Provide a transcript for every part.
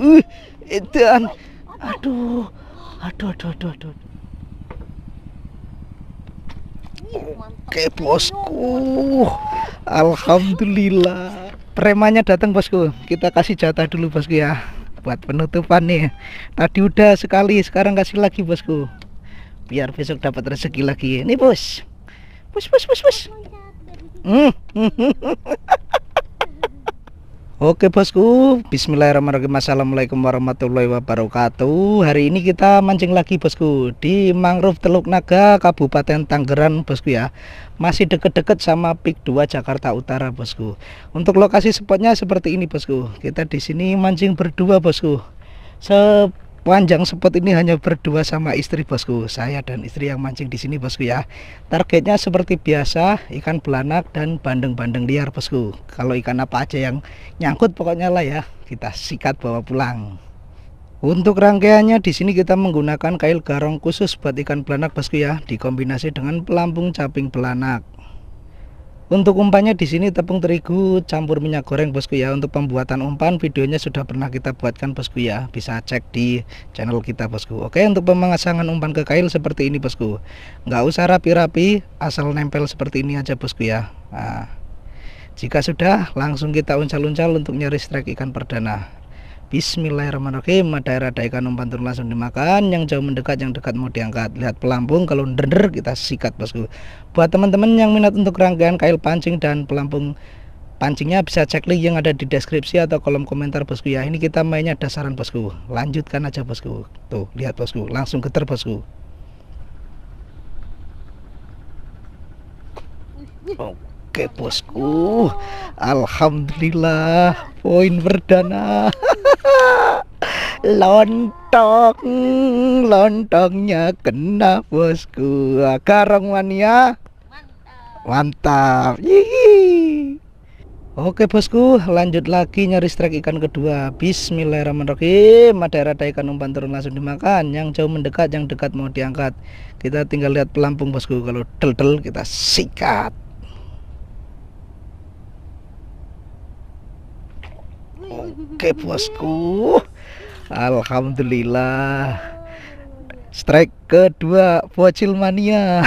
Uh, edan. Aduh. Aduh, aduh, aduh, aduh. Oke, bosku. Alhamdulillah. Premannya datang, bosku. Kita kasih jatah dulu, bosku ya. Buat penutupan nih. Tadi udah sekali, sekarang kasih lagi, bosku. Biar besok dapat rezeki lagi. Nih, bos. Bos, bos, bos, bos. Hmm. Oke bosku, bismillahirrahmanirrahim Assalamualaikum warahmatullahi wabarakatuh Hari ini kita mancing lagi bosku Di mangrove Teluk Naga, Kabupaten Tangerang bosku ya Masih deket-deket sama Pik 2 Jakarta Utara bosku Untuk lokasi spotnya seperti ini bosku Kita di sini mancing berdua bosku Sep panjang spot ini hanya berdua sama istri bosku saya dan istri yang mancing di sini bosku ya targetnya seperti biasa ikan belanak dan bandeng-bandeng liar bosku kalau ikan apa aja yang nyangkut pokoknya lah ya kita sikat bawa pulang untuk rangkaiannya di sini kita menggunakan kail garong khusus buat ikan belanak bosku ya, dikombinasi dengan pelampung caping belanak. Untuk umpannya di sini tepung terigu campur minyak goreng bosku ya. Untuk pembuatan umpan videonya sudah pernah kita buatkan bosku ya. Bisa cek di channel kita bosku. Oke untuk pemasangan umpan ke kail seperti ini bosku. Nggak usah rapi-rapi asal nempel seperti ini aja bosku ya. Nah, jika sudah langsung kita uncal-uncal untuk nyari strike ikan perdana. Bismillahirrahmanirrahim Ada air ada ikan umpan turun langsung dimakan Yang jauh mendekat yang dekat mau diangkat Lihat pelampung kalau dender kita sikat bosku Buat teman-teman yang minat untuk rangkaian kail pancing dan pelampung pancingnya bisa cek link yang ada di deskripsi atau kolom komentar bosku ya ini kita mainnya dasaran bosku lanjutkan aja bosku tuh lihat bosku langsung geter bosku oke bosku alhamdulillah poin perdana lontong lontongnya kena bosku karang mania mantap, hihi. Yihi. Oke bosku, lanjut lagi nyari strike ikan kedua. Bismillahirrahmanirrahim. ada rada ikan umpan turun langsung dimakan. Yang jauh mendekat, yang dekat mau diangkat. Kita tinggal lihat pelampung bosku. Kalau del-del kita sikat. Oke bosku Alhamdulillah Strike kedua Bocil mania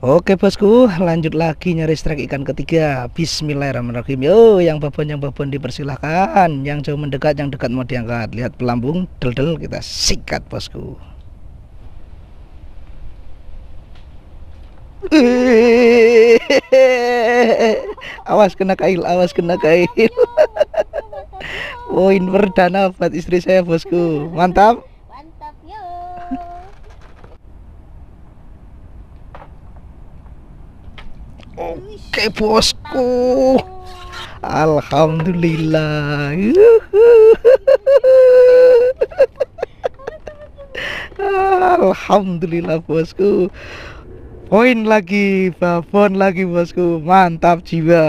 Oke bosku lanjut lagi nyari strike ikan ketiga Bismillahirrahmanirrahim Yo yang babon yang babon dipersilahkan Yang jauh mendekat yang dekat mau diangkat Lihat pelambung del del kita sikat bosku awas kena kail, awas kena kail. Poin perdana buat istri saya, Bosku. Mantap. Oke, Bosku. Alhamdulillah. Alhamdulillah, Bosku. Koin lagi, babon lagi bosku, mantap jiwa.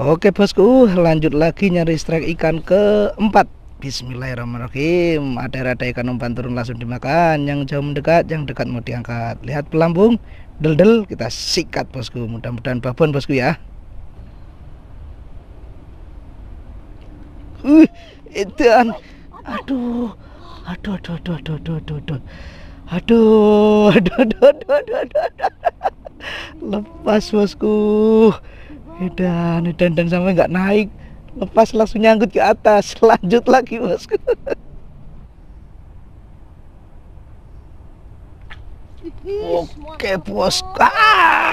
Oke bosku, lanjut lagi nyari strike ikan keempat. Bismillahirrahmanirrahim. ada rada ikan umpan turun langsung dimakan. Yang jauh mendekat, yang dekat mau diangkat. Lihat pelambung, del-del kita sikat bosku. Mudah-mudahan babon bosku ya. Uh, itu Aduh, aduh aduh aduh aduh aduh aduh aduh aduh aduh aduh aduh aduh aduh lepas bosku edan edan dan sampai nggak naik lepas langsung nyangkut ke atas lanjut lagi bosku oke bosku ah!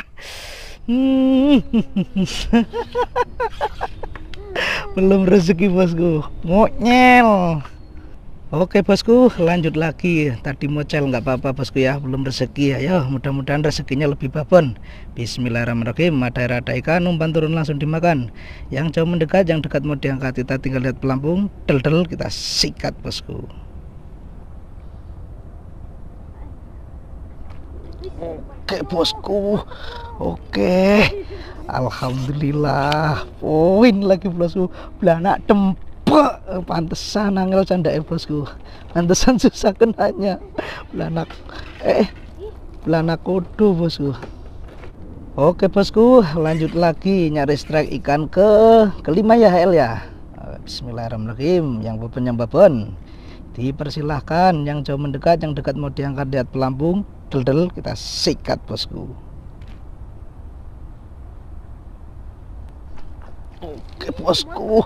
belum rezeki bosku ngonyel Oke bosku, lanjut lagi. Tadi mocel nggak apa-apa bosku ya, belum rezeki ya. Yo, mudah-mudahan rezekinya lebih babon. Bismillahirrahmanirrahim. Ada, ada ikan, umpan turun langsung dimakan. Yang jauh mendekat, yang dekat mau diangkat. Kita tinggal lihat pelampung, del-del kita sikat bosku. Oke bosku, oke. Alhamdulillah, poin lagi bosku. Belanak tempat Pak, eh, pantesan angel canda bosku. Pantesan susah kenanya. Belanak eh belanak kudu bosku. Oke bosku, lanjut lagi nyari strike ikan ke kelima ya HL ya. Bismillahirrahmanirrahim. Yang beban yang beban. Dipersilahkan yang jauh mendekat, yang dekat mau diangkat lihat pelampung, deldel -del, kita sikat bosku. Oke bosku,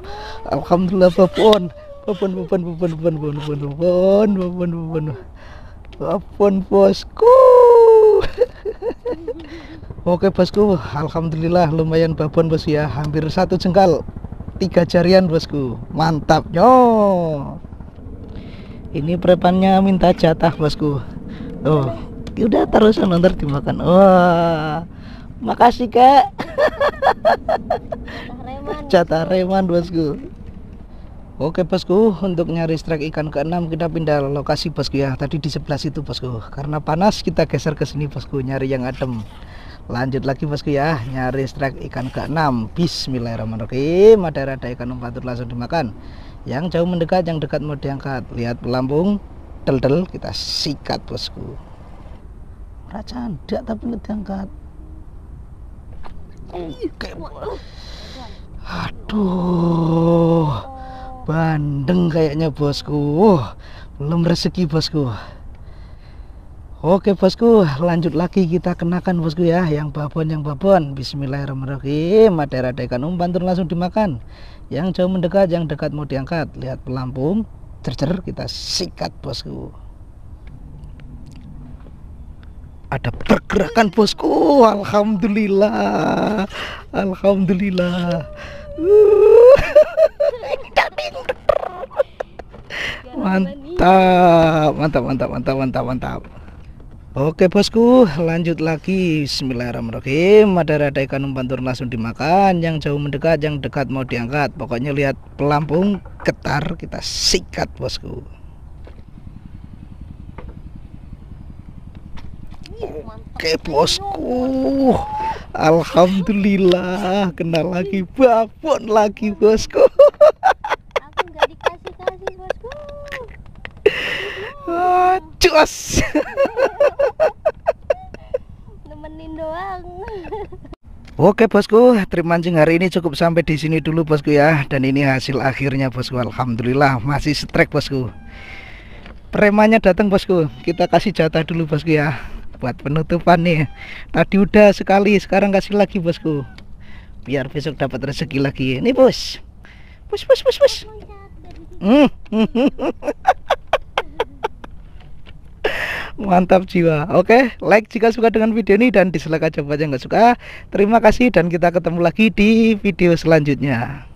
alhamdulillah babon, babon babon babon babon babon babon babon babon babon bosku. Oke bosku, alhamdulillah lumayan babon bos ya, hampir satu jengkal, tiga jarian bosku, mantap yo. Ini prepannya minta jatah bosku. Oh, udah taruh sana ntar dimakan. Wah, makasih kak areman bosku Oke bosku untuk nyari strike ikan keenam kita pindah lokasi bosku ya tadi di sebelah situ bosku karena panas kita geser ke sini bosku nyari yang adem lanjut lagi bosku ya nyari strike ikan keenam Bismillahirrahmanirrahim ada ada ikan umpatur langsung dimakan yang jauh mendekat yang dekat mau diangkat lihat pelampung tel tel kita sikat bosku racan tidak tapi diangkat Aduh. Bandeng kayaknya bosku. Belum rezeki bosku. Oke bosku, lanjut lagi kita kenakan bosku ya, yang babon yang babon. Bismillahirrahmanirrahim. Ada ikan umpan turun langsung dimakan. Yang jauh mendekat, yang dekat mau diangkat. Lihat pelampung, cercer kita sikat bosku. ada pergerakan bosku alhamdulillah alhamdulillah mantap mantap mantap mantap mantap mantap Oke bosku lanjut lagi Bismillahirrahmanirrahim ada-ada ikan umpan turun langsung dimakan Yang jauh mendekat yang dekat mau diangkat Pokoknya lihat pelampung ketar, kita sikat bosku Oke bosku Alhamdulillah Kena lagi babon lagi bosku Aku kasih bosku ah, Cus Nemenin doang Oke bosku, trip mancing hari ini cukup sampai di sini dulu bosku ya. Dan ini hasil akhirnya bosku, alhamdulillah masih strike bosku. Premanya datang bosku, kita kasih jatah dulu bosku ya buat penutupan nih tadi udah sekali sekarang kasih lagi bosku biar besok dapat rezeki lagi ini bos bos bos bos bos hmm. mantap jiwa oke like jika suka dengan video ini dan dislike aja buat yang gak suka terima kasih dan kita ketemu lagi di video selanjutnya